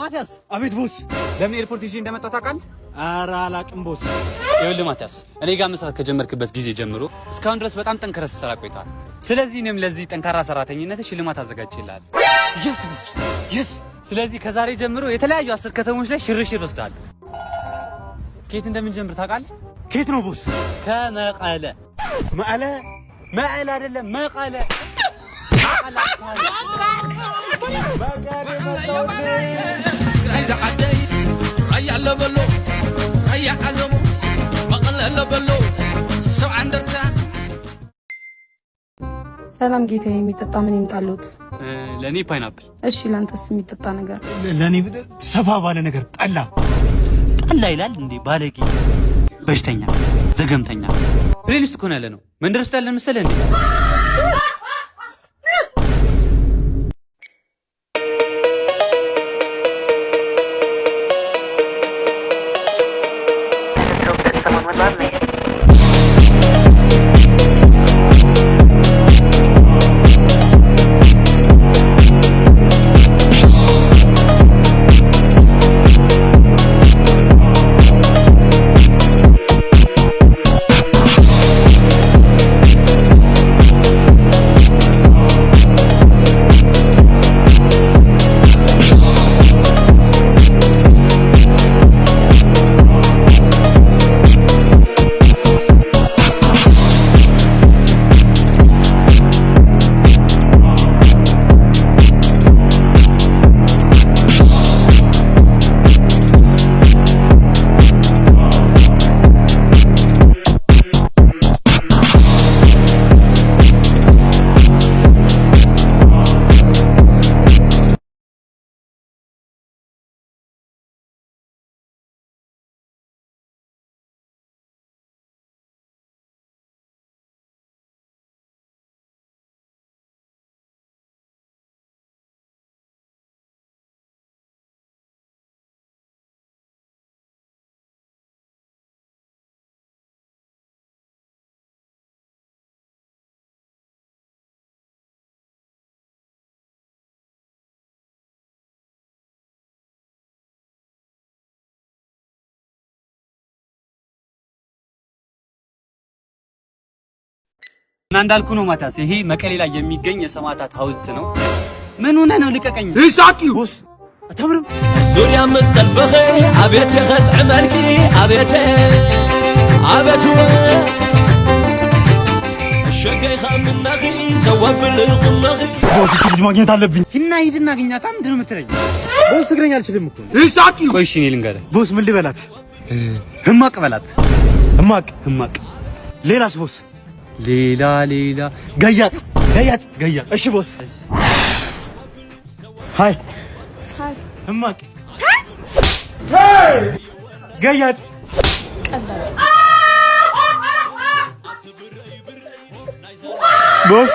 ማቲያስ። አቤት ቦስ። ለምን ኤርፖርት ይዤ እንደመጣ ታውቃለህ? ኧረ አላቅም ቦስ። ይኸውልህ ማቲያስ፣ እኔ ጋር መስራት ከጀመርክበት ጊዜ ጀምሮ እስካሁን ድረስ በጣም ጠንክረህ ስትሰራ ቆይተሃል። ስለዚህ እኔም ለዚህ ጠንካራ ሰራተኝነት ሽልማት አዘጋጅቼልሃለሁ። የስ ቦስ የስ። ስለዚህ ከዛሬ ጀምሮ የተለያዩ አስር ከተሞች ላይ ሽርሽር ወስዳለሁ። ከየት እንደምንጀምር ታውቃለህ? ከየት ነው ቦስ? ከመቀለ። መቀለ መቀለ አይደለም መቀለ ሰላም ጌታ፣ የሚጠጣ ምን ይምጣሉት? ለእኔ ፓይናፕል። እሺ፣ ለአንተስ የሚጠጣ ነገር? ለእኔ ሰፋ ባለ ነገር ጠላ። ጠላ ይላል እንዴ? ባለጌ፣ በሽተኛ፣ ዘገምተኛ ፕሌሊስት እኮ ነው ያለ ነው። መንደር ውስጥ ያለን መሰለህ እንዴ? እና እንዳልኩ ነው ማታስ፣ ይሄ መቀሌ ላይ የሚገኝ የሰማዕታት ሐውልት ነው። ምን ሆነ ነው? ልቀቀኝ። ይሳቂ ውስ አታምርም። ዙሪያ መስተልበኸ አቤት የኸጥዕ መልኪ አቤት አቤት ልጅ ማግኘት አለብኝ እና ሂድ እናገኛታ። ምንድን ነው የምትለኝ? ቦስ አልችልም እኮ። ቆይ፣ እሺ እኔ ልንገርህ ቦስ። ምን ልበላት? ህማቅ በላት። ህማቅ ህማቅ። ሌላስ ቦስ ሌላ ሌላ ገያት ገያት ገያት። እሺ ቦስ ሃይ እማቅ ገያት ቦስ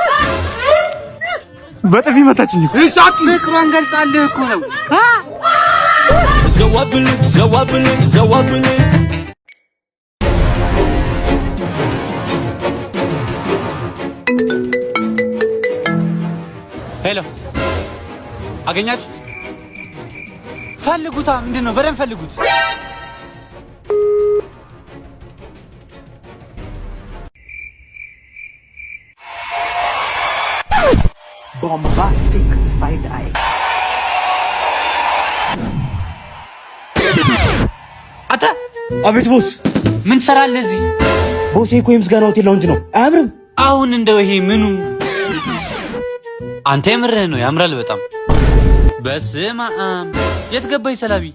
በጥፊ መታችኝ። ይሳት ፍቅሯን ገልጻልህ እኮ ነው። ዘዋብልህ ዘዋብልህ ዘዋብልህ ኃይለም አገኛችሁት? ፈልጉታ። ምንድን ነው? በደንብ ፈልጉት። ቦምባስቲክ ሳይድ አይ አተ አቤት ቦስ፣ ምን ትሰራለህ እዚህ? ቦሴ እኮ የምስጋና ሆቴል ላውንጅ ነው። አያምርም? አሁን እንደው ይሄ ምኑ አንተ የምርህ ነው? ያምራል በጣም በስመ አብ። የት ገባኝ ሰላቢ?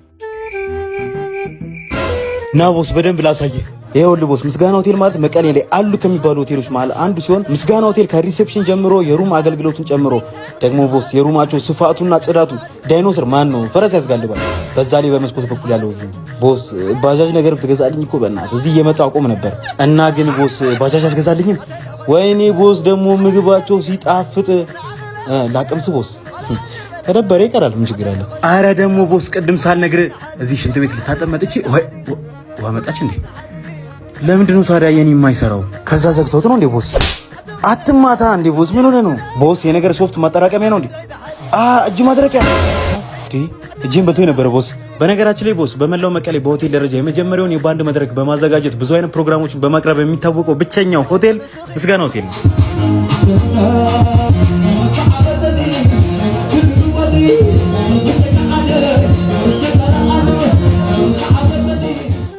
ና ቦስ በደንብ ላሳየህ። ይኸውልህ ቦስ ምስጋና ሆቴል ማለት መቀሌ ላይ አሉ ከሚባሉ ሆቴሎች መሀል አንዱ ሲሆን ምስጋና ሆቴል ከሪሴፕሽን ጀምሮ የሩም አገልግሎቱን ጨምሮ ደግሞ ቦስ የሩማቸው ስፋቱና ጽዳቱ ዳይኖሰር ማን ነው ፈረስ ያስጋልባል። በዛ ላይ በመስኮት በኩል ያለው ቦስ ባጃጅ ነገር ብትገዛልኝ እኮ በእናትህ እዚህ እየመጣ አቆም ነበር እና ግን ቦስ ባጃጅ አትገዛልኝም? ወይኔ ቦስ ደግሞ ምግባቸው ሲጣፍጥ ላቅምስ ስቦስ ከደበረ ይቀራል። ምን ችግር አለ? አረ ደግሞ ቦስ ቅድም ሳልነግር እዚህ ሽንት ቤት ልታጠመጥቼ ውሃ መጣች እንዴ? ለምንድን ነው ታዲያ የኔ የማይሰራው? ከዛ ዘግተት ነው እንዴ ቦስ? አትማታ እንዴ ቦስ? ምን ሆነ ነው ቦስ? የነገር ሶፍት ማጠራቀሚያ ነው እንዴ? እጅ ማድረቂያ እጅን በልቶ የነበረ ቦስ። በነገራችን ላይ ቦስ በመላው መቀሌ በሆቴል ደረጃ የመጀመሪያውን የባንድ መድረክ በማዘጋጀት ብዙ አይነት ፕሮግራሞችን በማቅረብ የሚታወቀው ብቸኛው ሆቴል ምስጋና ሆቴል ነው።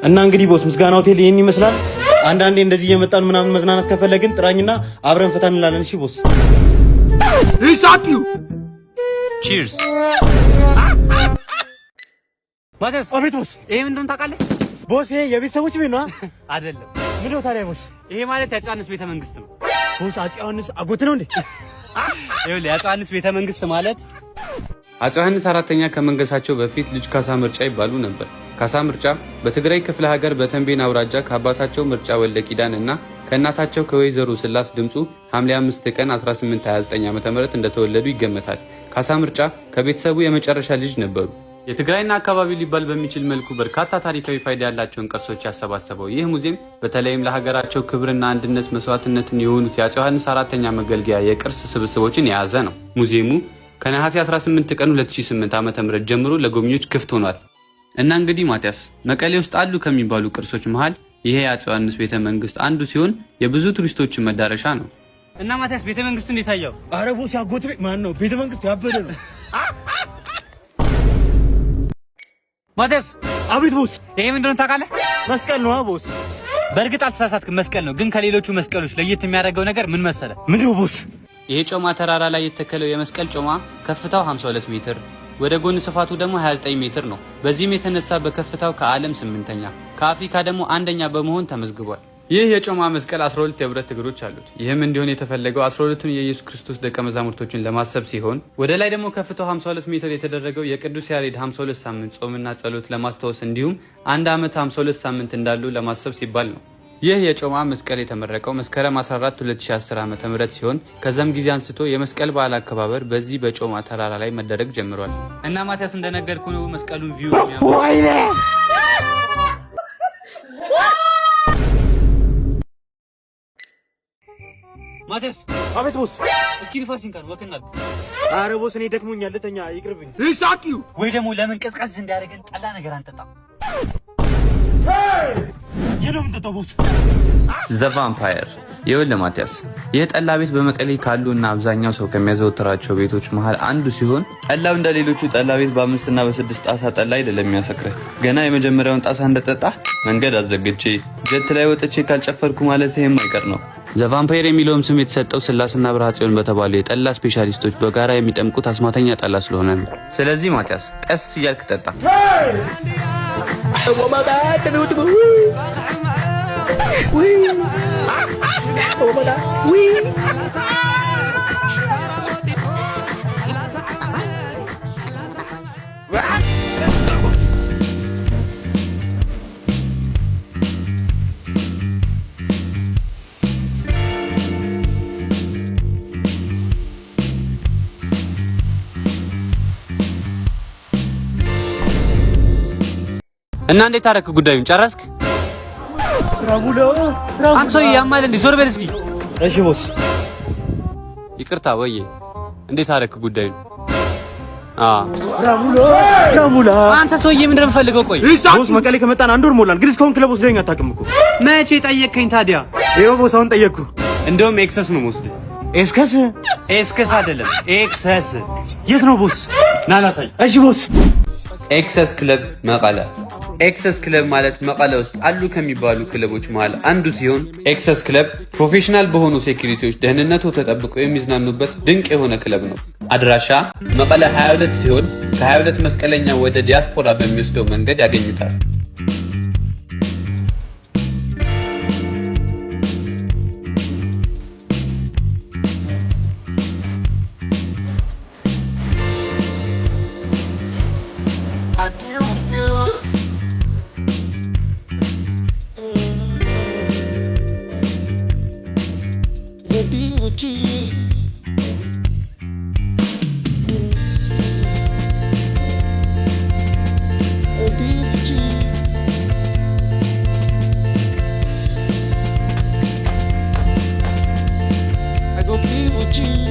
እና እንግዲህ ቦስ ምስጋና ሆቴል ይህን ይመስላል። አንዳንዴ እንደዚህ እየመጣን ምናምን መዝናናት ከፈለግን ጥራኝና አብረን ፈታ እንላለን። እሺ ቦስ። ቺርስ። ማቴዎስ። አቤት ቦስ። ይሄ ምንድን ታውቃለህ? ቦስ ይሄ የቤተሰቦች ቤት ነው አይደለም? ምንድን ነው ታዲያ ቦስ? ይሄ ማለት ያጫንስ ቤተ መንግስት ነው። ቦስ አፄ ዮሐንስ አጎት ነው እንዴ? ይኸውልህ አፄ ዮሐንስ ቤተ መንግስት ማለት አፄ ዮሐንስ አራተኛ ከመንገሳቸው በፊት ልጅ ካሳ ምርጫ ይባሉ ነበር። ካሳ ምርጫ በትግራይ ክፍለ ሀገር በተንቤን አውራጃ ከአባታቸው ምርጫ ወልደ ኪዳን እና ከእናታቸው ከወይዘሮ ስላስ ድምፁ ሐምሌ 5 ቀን 1829 ዓ.ም እንደተወለዱ ይገመታል። ካሳ ምርጫ ከቤተሰቡ የመጨረሻ ልጅ ነበሩ። የትግራይና አካባቢው ሊባል በሚችል መልኩ በርካታ ታሪካዊ ፋይዳ ያላቸውን ቅርሶች ያሰባሰበው ይህ ሙዚየም በተለይም ለሀገራቸው ክብርና አንድነት መስዋዕትነትን የሆኑት የአጽ ዮሐንስ አራተኛ መገልገያ የቅርስ ስብስቦችን የያዘ ነው። ሙዚየሙ ከነሐሴ 18 ቀን 2008 ዓ ም ጀምሮ ለጎብኚዎች ክፍት ሆኗል እና እንግዲህ ማቲያስ፣ መቀሌ ውስጥ አሉ ከሚባሉ ቅርሶች መሃል ይሄ የአጽ ዮሐንስ ቤተ መንግስት አንዱ ሲሆን የብዙ ቱሪስቶችን መዳረሻ ነው። እና ማቲያስ ቤተ መንግስት እንዴት ታየው? አረቦ ሲያጎት ማን ነው ቤተ መንግስት ያበደ ነው ማቴዎስ አቤት ቦስ ይሄ ምንድነው ታውቃለህ መስቀል ነው ቦስ በእርግጥ አልተሳሳትክም መስቀል ነው ግን ከሌሎቹ መስቀሎች ለየት የሚያደርገው ነገር ምን መሰለህ ምንድነው ቦስ ይሄ ጮማ ተራራ ላይ የተከለው የመስቀል ጮማ ከፍታው 52 ሜትር ወደ ጎን ስፋቱ ደግሞ 29 ሜትር ነው በዚህም የተነሳ በከፍታው ከዓለም ስምንተኛ ከአፍሪካ ደግሞ አንደኛ በመሆን ተመዝግቧል ይህ የጮማ መስቀል 12 የብረት እግሮች አሉት። ይህም እንዲሆን የተፈለገው 12ቱን የኢየሱስ ክርስቶስ ደቀ መዛሙርቶችን ለማሰብ ሲሆን ወደ ላይ ደግሞ ከፍታው 52 ሜትር የተደረገው የቅዱስ ያሬድ 52 ሳምንት ጾምና ጸሎት ለማስታወስ እንዲሁም አንድ ዓመት 52 ሳምንት እንዳሉ ለማሰብ ሲባል ነው። ይህ የጮማ መስቀል የተመረቀው መስከረም 14 2010 ዓ.ም ሲሆን ከዛም ጊዜ አንስቶ የመስቀል በዓል አከባበር በዚህ በጮማ ተራራ ላይ መደረግ ጀምሯል። እና ማቲያስ እንደነገርኩ ነው መስቀሉን ቪው ማተርስ አቤት ቦስ፣ እስኪ ንፋስ ይንካን ወከና። አረ ቦስ እኔ ደክሞኛል ልተኛ፣ ይቅርብኝ። ይሳቂው ወይ ደግሞ ለምን ቀዝቀዝ እንዳደረገን ጠላ ነገር አንጠጣ። ይሄ ነው የምንጠጣው ቦስ ዘ ቫምፓየር ይኸውልህ ማቲያስ፣ ይህ ጠላ ቤት በመቀሌ ካሉ እና አብዛኛው ሰው ከሚያዘወትራቸው ቤቶች መሀል አንዱ ሲሆን ጠላው እንደ ሌሎቹ ጠላ ቤት በአምስትና በስድስት ጣሳ ጠላ አይደለም የሚያሰክርህ። ገና የመጀመሪያውን ጣሳ እንደጠጣ መንገድ አዘግቼ ጀት ላይ ወጥቼ ካልጨፈርኩ ማለት ይህም አይቀር ነው። ዘቫምፓየር የሚለውም ስም የተሰጠው ስላስና ጽዮን በተባሉ የጠላ ስፔሻሊስቶች በጋራ የሚጠምቁት አስማተኛ ጠላ ስለሆነ ነው። ስለዚህ ማቲያስ ቀስ እያልክ ጠጣ። ወይ እና እንዴት ታረክ? ጉዳዩን ጨረስክ? ራጉሎ ራጉሎ አንተ ሰውዬ ያማል እንዴ? ዞር በል እስኪ እሺ ቦስ ይቅርታ። ወይ እንዴት አደረክ ጉዳዩ? አንተ ሰውዬ ምንድን ነው የምፈልገው? ቆይ ቦስ መቀሌ ከመጣን አንድ ወር ሞላን፣ ግን እስካሁን ክለብ ወስደኸኝ አታውቅም እኮ። መቼ ጠየቅከኝ ታዲያ? ይኸው ቦስ አሁን ጠየቅኩ። እንደውም ኤክሰስ ነው የምወስድህ። ኤክሰስ ኤክሰስ አይደለም ኤክሰስ። የት ነው ቦስ? ና ላሳይ። እሺ ቦስ ኤክሰስ ክለብ ኤክሰስ ክለብ ማለት መቀለ ውስጥ አሉ ከሚባሉ ክለቦች መሃል አንዱ ሲሆን ኤክሰስ ክለብ ፕሮፌሽናል በሆኑ ሴኩሪቲዎች ደህንነቱ ተጠብቆ የሚዝናኑበት ድንቅ የሆነ ክለብ ነው። አድራሻ መቀለ 22 ሲሆን ከ22 መስቀለኛ ወደ ዲያስፖራ በሚወስደው መንገድ ያገኙታል።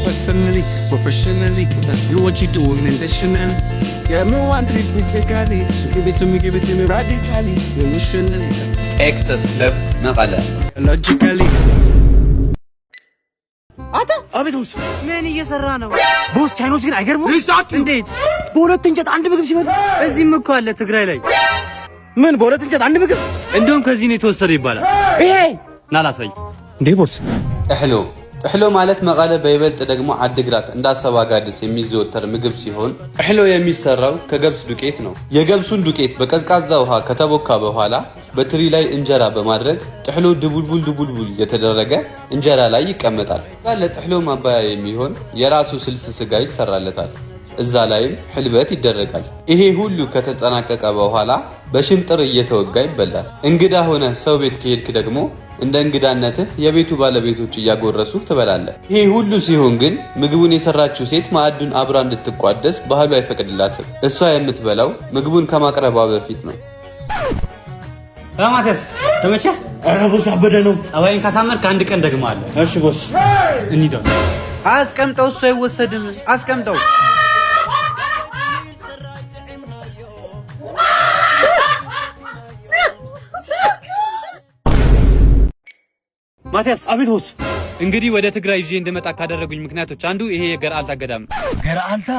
Personally, professionally, that's what you do, intentional. Yeah, me want it physically, so give it to me, give it to me radically, emotionally. Access not Nagala. Logically. አቤት ቦስ፣ ምን እየሰራ ነው ቦስ? ቻይኖች ግን አይገርሙም? እንዴት በሁለት እንጨት አንድ ምግብ ሲበሉ! እዚህም እኮ አለ ትግራይ ላይ። ምን በሁለት እንጨት አንድ ምግብ? እንደውም ከዚህ ነው የተወሰደ ይባላል። ይሄ ናላሳይ እንዴ ቦስ እህሎ ጥሕሎ ማለት መቐለ በይበልጥ ደግሞ ዓዲግራት እንደ አሰባጋድስ የሚዘወተር ምግብ ሲሆን ጥሕሎ የሚሰራው ከገብስ ዱቄት ነው። የገብሱን ዱቄት በቀዝቃዛ ውሃ ከተቦካ በኋላ በትሪ ላይ እንጀራ በማድረግ ጥሕሎ ድቡልቡል ድቡልቡል የተደረገ እንጀራ ላይ ይቀመጣል። እዛ ለጥሕሎ ማባያ የሚሆን የራሱ ስልስ ስጋ ይሰራለታል። እዛ ላይም ሕልበት ይደረጋል። ይሄ ሁሉ ከተጠናቀቀ በኋላ በሽንጥር እየተወጋ ይበላል። እንግዳ ሆነ ሰው ቤት ከሄድክ ደግሞ እንደ እንግዳነትህ የቤቱ ባለቤቶች እያጎረሱ ትበላለህ። ይህ ሁሉ ሲሆን ግን ምግቡን የሰራችው ሴት ማዕዱን አብራ እንድትቋደስ ባህሉ አይፈቅድላትም። እሷ የምትበላው ምግቡን ከማቅረቧ በፊት ነው። ማቴስ ተመቸ? ኧረ ቦስ አበደ ነው። ጸባይን ካሳመር ከአንድ ቀን ደግሞ አለ። እሺ ቦስ እንሂድ። አስቀምጠው፣ እሱ አይወሰድም። አስቀምጠው ማቲያስ አቤት ቦስ እንግዲህ ወደ ትግራይ ይዤ እንደመጣ ካደረጉኝ ምክንያቶች አንዱ ይሄ የገርአልታ ገዳም ገርአልታ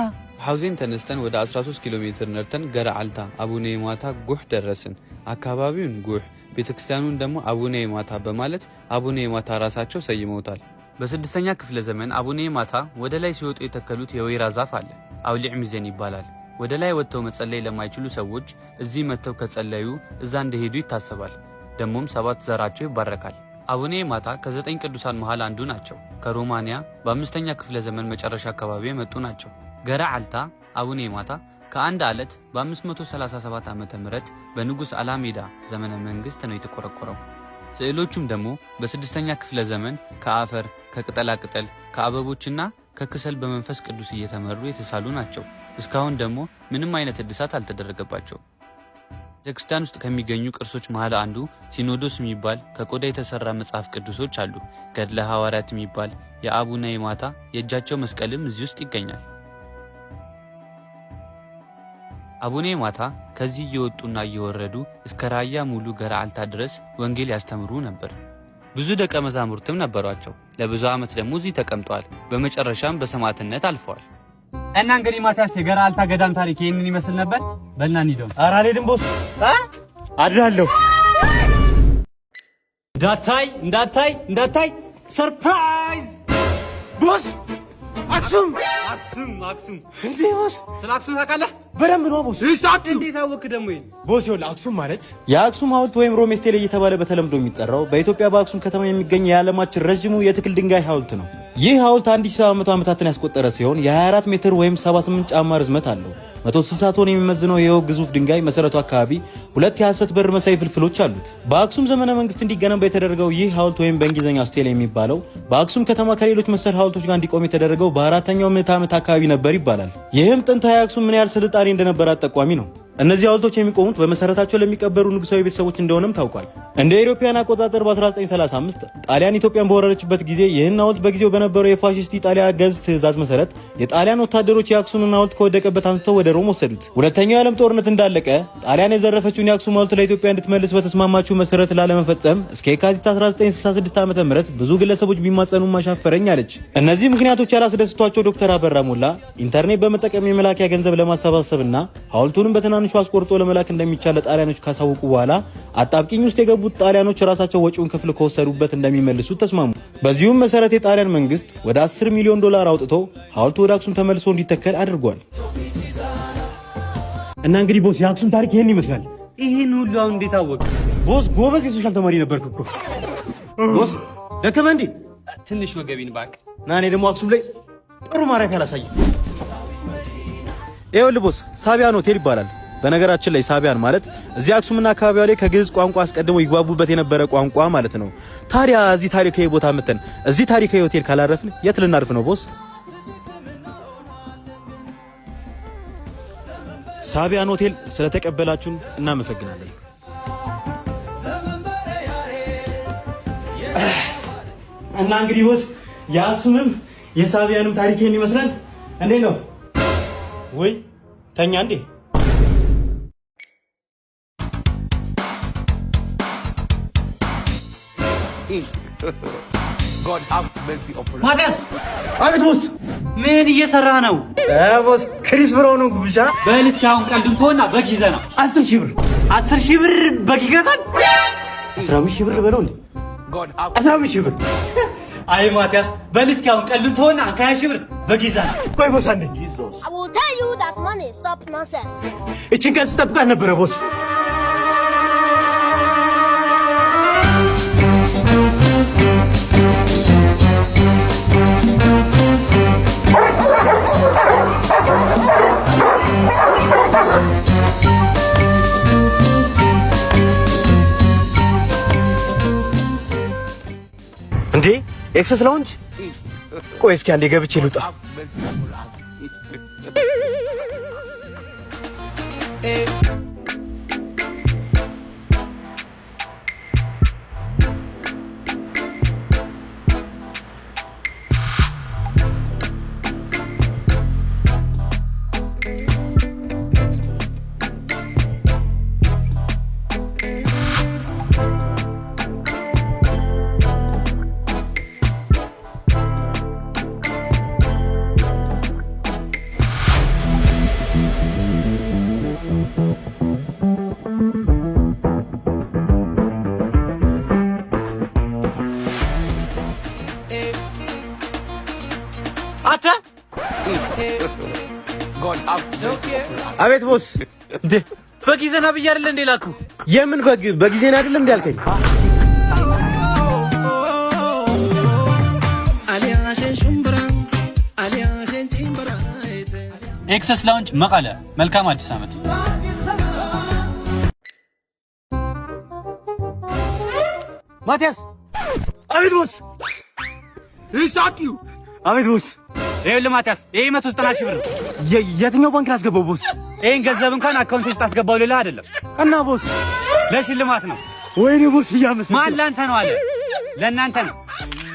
ሐውዜን ተነስተን ወደ 13 ኪሎ ሜትር ነርተን ገርአልታ አቡነ የማታ ጉህ ደረስን። አካባቢውን ጉህ ቤተክርስቲያኑን ደግሞ አቡነ የማታ በማለት አቡነ የማታ ራሳቸው ሰይመውታል። በስድስተኛ ክፍለ ዘመን አቡነ የማታ ወደ ላይ ሲወጡ የተከሉት የወይራ ዛፍ አለ። አውሊዕ ሚዜን ይባላል። ወደ ላይ ወጥተው መጸለይ ለማይችሉ ሰዎች እዚህ መጥተው ከጸለዩ እዛ እንደሄዱ ይታሰባል። ደግሞም ሰባት ዘራቸው ይባረካል። አቡነ የማታ ከዘጠኝ ቅዱሳን መሃል አንዱ ናቸው። ከሮማንያ በአምስተኛ ክፍለ ዘመን መጨረሻ አካባቢ የመጡ ናቸው። ገራ አልታ አቡነ የማታ ከአንድ አለት በ537 ዓ ም በንጉሥ አላሜዳ ዘመነ መንግሥት ነው የተቆረቆረው። ስዕሎቹም ደግሞ በስድስተኛ ክፍለ ዘመን ከአፈር ከቅጠላቅጠል ከአበቦችና ከክሰል በመንፈስ ቅዱስ እየተመሩ የተሳሉ ናቸው። እስካሁን ደግሞ ምንም አይነት እድሳት አልተደረገባቸው። ቤተክርስቲያን ውስጥ ከሚገኙ ቅርሶች መሃል አንዱ ሲኖዶስ የሚባል ከቆዳ የተሰራ መጽሐፍ ቅዱሶች አሉ። ገድለ ሐዋርያት የሚባል የአቡነ የማታ የእጃቸው መስቀልም እዚህ ውስጥ ይገኛል። አቡነ ማታ ከዚህ እየወጡና እየወረዱ እስከ ራያ ሙሉ አልታ ድረስ ወንጌል ያስተምሩ ነበር። ብዙ ደቀ መዛሙርትም ነበሯቸው። ለብዙ ዓመት ደግሞ እዚህ ተቀምጠዋል። በመጨረሻም በሰማዕትነት አልፈዋል። እና እንግዲህ ማቲያስ የገራ አልታ ገዳም ታሪክ ይሄንን ይመስል ነበር። በልና እንሂድ። ኧረ አልሄድም ቦስ አድራለሁ። እንዳታይ እንዳታይ እንዳታይ ሰርፕራይዝ ቦስ አክሱም አክሱም አክሱም እንዴ ቦስ፣ ስለ አክሱም ታውቃለህ? በደንብ ነው ቦስ። እሺ አክሱም እንዴት አወቅህ ደግሞ? ቦስ ይኸውልህ፣ አክሱም ማለት የአክሱም ሐውልት ወይም ሮሜ ስቴል እየተባለ በተለምዶ የሚጠራው በኢትዮጵያ በአክሱም ከተማ የሚገኝ የዓለማችን ረዥሙ የትክል ድንጋይ ሐውልት ነው። ይህ ሐውልት 1700 ዓመታትን ያስቆጠረ ሲሆን የ24 ሜትር ወይም 78 ጫማ ርዝመት አለው። 160 ቶን የሚመዝነው የወግ ግዙፍ ድንጋይ መሰረቱ አካባቢ ሁለት የሐሰት በር መሳይ ፍልፍሎች አሉት። በአክሱም ዘመነ መንግስት እንዲገነባ የተደረገው ይህ ሐውልት ወይም በእንግሊዝኛ ስቴል የሚባለው በአክሱም ከተማ ከሌሎች መሰል ሐውልቶች ጋር እንዲቆም የተደረገው በአራተኛው ምዕተ ዓመት አካባቢ ነበር ይባላል። ይህም ጥንታዊ አክሱም ምን ያህል ስልጣኔ እንደነበራት ጠቋሚ ነው። እነዚህ ሐውልቶች የሚቆሙት በመሰረታቸው ለሚቀበሩ ንጉሳዊ ቤተሰቦች እንደሆነም ታውቋል። እንደ ኢሮፓያን አቆጣጠር በ1935 ጣሊያን ኢትዮጵያን በወረረችበት ጊዜ ይህን ሐውልት በጊዜው በነበረው የፋሽስት ኢጣሊያ ገዝ ትእዛዝ መሰረት የጣሊያን ወታደሮች የአክሱምን ሐውልት ከወደቀበት አንስተው ወደ ሮም ወሰዱት። ሁለተኛው የዓለም ጦርነት እንዳለቀ ጣሊያን የዘረፈችውን የአክሱም ሐውልት ለኢትዮጵያ እንድትመልስ በተስማማችው መሰረት ላለመፈጸም እስከ የካቲት 1966 ዓ.ም ብዙ ግለሰቦች ቢማጸኑ ማሻፈረኝ አለች። እነዚህ ምክንያቶች ያላስደስቷቸው ዶክተር አበራ ሞላ ኢንተርኔት በመጠቀም የመላኪያ ገንዘብ ለማሰባሰብና ሐውልቱንም በትናንሽ በትንሹ አስቆርጦ ለመላክ እንደሚቻል ለጣሊያኖች ካሳወቁ በኋላ አጣብቂኝ ውስጥ የገቡት ጣሊያኖች ራሳቸው ወጪውን ክፍል ከወሰዱበት እንደሚመልሱ ተስማሙ። በዚሁም መሰረት የጣሊያን መንግስት ወደ 10 ሚሊዮን ዶላር አውጥቶ ሐውልቱ ወደ አክሱም ተመልሶ እንዲተከል አድርጓል። እና እንግዲህ ቦስ የአክሱም ታሪክ ይህን ይመስላል። ይህን ሁሉ አሁን እንዴት አወቅ? ቦስ ጎበዝ የሶሻል ተማሪ ነበርክ እኮ ቦስ። ደከመ እንዴ? ትንሽ ወገቢን ባክ ና እኔ ደግሞ አክሱም ላይ ጥሩ ማረፊያ አላሳይም። ይኸውልህ ቦስ ሳቢያኖ ሆቴል ይባላል። በነገራችን ላይ ሳቢያን ማለት እዚህ አክሱምና አካባቢዋ ላይ ከግዕዝ ቋንቋ አስቀድሞ ይግባቡበት የነበረ ቋንቋ ማለት ነው። ታዲያ እዚህ ታሪካዊ ቦታ መተን እዚህ ታሪካዊ ሆቴል ካላረፍን የት ልናርፍ ነው ቦስ? ሳቢያን ሆቴል ስለተቀበላችሁን እናመሰግናለን። እና እንግዲህ ቦስ የአክሱምም የሳቢያንም ታሪክ ይመስላል እንዴ ነው ወይ ተኛ እንዴ ማቲያስ! አቤት ቦስ! ምን እየሰራ ነው? ቦስ ክሪስ ብሮኑ ብቻ በል እስኪ አሁን ቀልዱን ተወና በግ ይዘና አስር ሺህ ብር አስር ሺህ ብር በግ ይገዛል። አስራ አምስት ሺህ ብር በለው አስራ አምስት ሺህ ብር አይ ማቲያስ፣ በል እስኪ አሁን ቀልዱን ተወና ከሀያ ሺህ ብር በግ ይዘና ቆይ ቦስ አለ እቺን ቀን ስጠብቃት ነበረ ቦስ ኤክሰስ ላውንጅ። ቆይ እስኪ አንዴ ገብቼ ልውጣ። አንተ አቤት ቦስ እንዴ በግ ይዘና ብዬ አይደለ እንዴ ላኩ የምን በግ በጊዜን አይደለም እንዴ አልከኝ ኤክሰስ ላውንጅ መቀለ መልካም አዲስ አመት ማቲያስ አቤት ቦስ ይሳኪው አቤት ቦስ ይኸውልህ ማቲያስ ይሄ መቶ ዘጠና ሺህ ብር የትኛው ባንክ ላስገባው ቦስ? ይሄን ገንዘብ እንኳን አካውንት ውስጥ አስገባው ልልህ አይደለም እና ቦስ ለሽልማት ነው። ወይኔ ቦስ ማን ላንተ ነው አለ ለእናንተ ነው።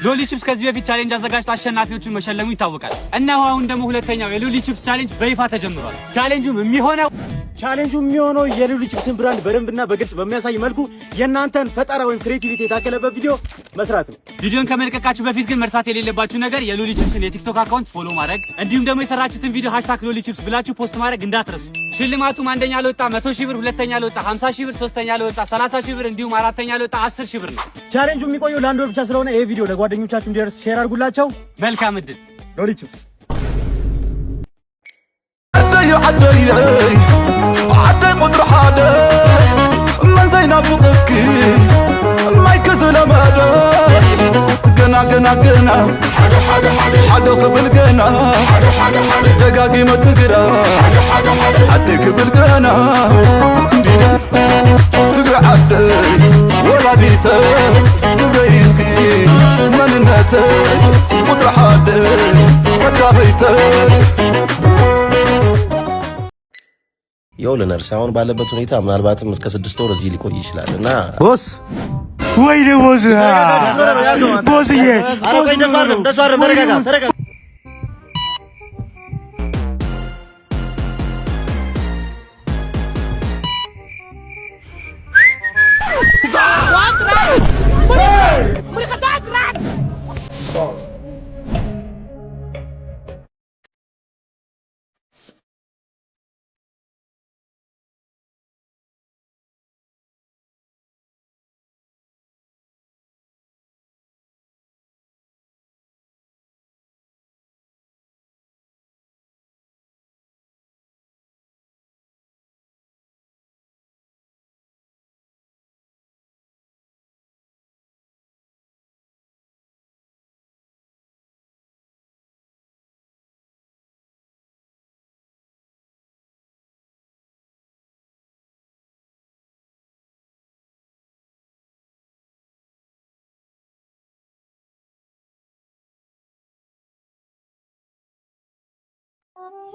ሎሊ ቺፕስ ከዚህ በፊት ቻሌንጅ አዘጋጅቶ አሸናፊዎቹን መሸለሙ ይታወቃል። እነሆ አሁን ደግሞ ሁለተኛው የሎሊ ቺፕስ ቻሌንጅ በይፋ ተጀምሯል። ቻሌንጁም የሚሆነው ቻሌንጁ የሚሆነው የልሉ ቺፕስን ብራንድ በደንብና በግልጽ በሚያሳይ መልኩ የእናንተን ፈጠራ ወይም ክሬቲቪቲ የታከለበት ቪዲዮ መስራት ነው። ቪዲዮን ከመልቀቃችሁ በፊት ግን መርሳት የሌለባችሁ ነገር የሉሊ ቺፕስን የቲክቶክ አካውንት ፎሎ ማድረግ እንዲሁም ደግሞ የሰራችሁትን ቪዲዮ ሃሽታግ ሉሊ ቺፕስ ብላችሁ ፖስት ማድረግ እንዳትረሱ። ሽልማቱም አንደኛ ለወጣ 100 ሺህ ብር፣ ሁለተኛ ለወጣ 50 ሺህ ብር፣ ሶስተኛ ለወጣ 30 ሺህ ብር እንዲሁም አራተኛ ለወጣ 10 ሺህ ብር ነው። ቻሌንጁ የሚቆየው ለአንድ ወር ብቻ ስለሆነ ይሄ ቪዲዮ ለጓደኞቻችሁ እንዲደርስ ሼር አድርጉላቸው። መልካም እድል ሉሊ ቺፕስ عدي عدي قدر حدا من زينا فقكي ما يكسل مدى قنا قنا قنا حدا خبل قنا دقاقي ما تقرا عدي قبل قنا تقرا عدي ولاديته قبيتي مننته قدر حدا قدابيته ይኸውልህ ነርስ አሁን ባለበት ሁኔታ ምናልባትም እስከ ስድስት ወር እዚህ ሊቆይ ይችላል እና ቦስ ወይኔ ቦስ ቦስዬ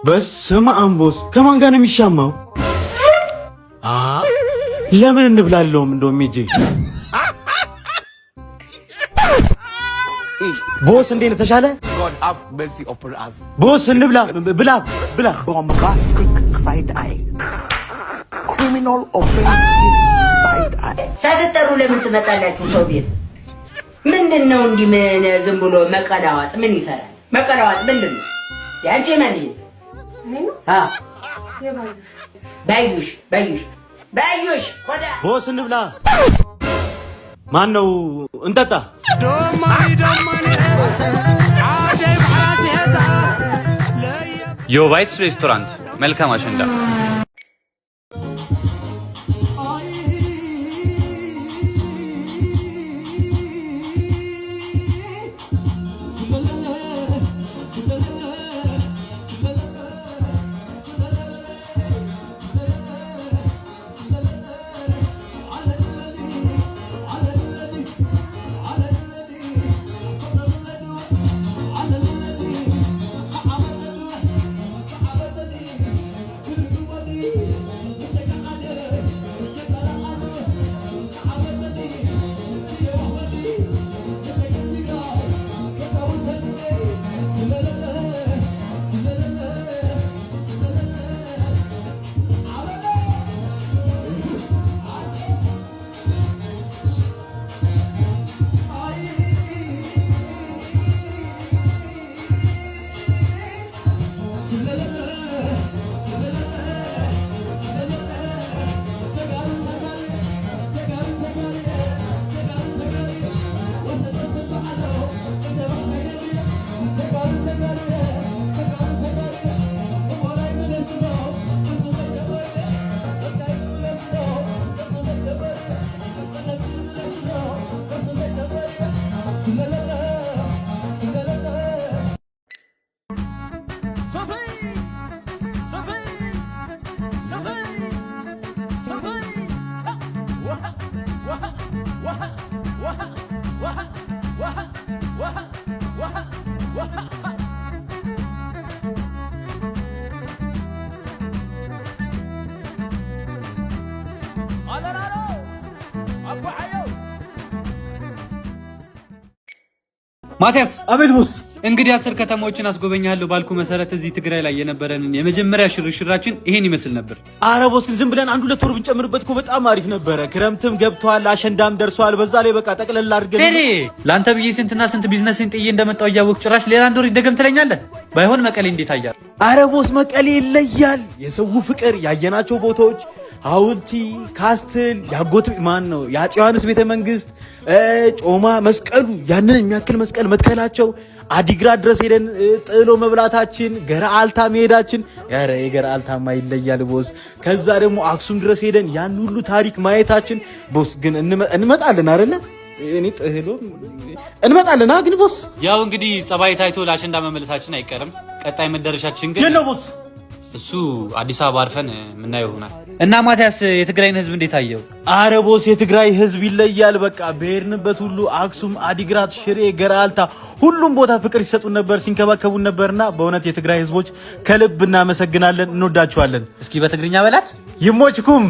በስመ አብ ቦስ፣ ከማን ጋር ነው የሚሻማው? አ ለምን እንብላለውም? እንደውም ሂጅ ቦስ፣ እንዴት ነው ተሻለ? ቦስ እንብላ፣ ብላ ብላ ሳይድ ሳይድ አይ አይ። ኦፌንስ ሳትጠሩ ለምን ትመጣላችሁ ሰው ቤት? ምንድን ነው እንዲህ ዝም ብሎ መቀላዋጥ? ምን ይሰራል መቀላዋጥ? ምንድን ነው ያንቺ ባዩሽ ባዩሽ ባዩሽ ቦስ እንብላ። ማን ነው እንጠጣ የባይትስ ሬስቶራንት መልካም አሸንዳ ማቲያስ። አቤት ቦስ። እንግዲህ አስር ከተማዎችን አስጎበኛለሁ ባልኩ መሰረት እዚህ ትግራይ ላይ የነበረንን የመጀመሪያ ሽርሽራችን ይሄን ይመስል ነበር። አረ ቦስ ግን ዝም ብለን አንድ ሁለት ወር ብንጨምርበት እኮ በጣም አሪፍ ነበረ። ክረምትም ገብቷል፣ አሸንዳም ደርሷል። በዛ ላይ በቃ ጠቅለል አድርገን ለአንተ ብዬ ስንትና ስንት ቢዝነስን ጥዬ እንደመጣው እያወቅ ጭራሽ ሌላ አንድ ወር ይደገም ትለኛለህ። ባይሆን መቀሌ እንዴት አያል? አረ ቦስ መቀሌ ይለያል። የሰው ፍቅር፣ ያየናቸው ቦታዎች ሐውልቲ ካስትል ያጎት ማን ነው የአፄ ዮሐንስ ቤተ መንግስት ጮማ መስቀሉ ያንን የሚያክል መስቀል መትከላቸው አዲግራት ድረስ ሄደን ጥሎ መብላታችን ገረአልታ መሄዳችን ኧረ የገረአልታማ ይለያል ቦስ ከዛ ደግሞ አክሱም ድረስ ሄደን ያን ሁሉ ታሪክ ማየታችን ቦስ ግን እንመጣለን አይደለ እኔ ጥህሎ እንመጣለና ግን ቦስ ያው እንግዲህ ጸባይ ታይቶ ለአሸንዳ መመለሳችን አይቀርም ቀጣይ መደረሻችን ግን ነው ቦስ እሱ አዲስ አበባ አርፈን የምናየው ይሆናል። እና ማቲያስ የትግራይን ህዝብ እንዴት አየው? አረ ቦስ የትግራይ ህዝብ ይለያል። በቃ በሄድንበት ሁሉ አክሱም፣ አዲግራት፣ ሽሬ፣ ገራልታ ሁሉም ቦታ ፍቅር ይሰጡን ነበር፣ ሲንከባከቡን ነበርና በእውነት የትግራይ ህዝቦች ከልብ እናመሰግናለን፣ እንወዳችኋለን። እስኪ በትግርኛ በላት ይሞችኩም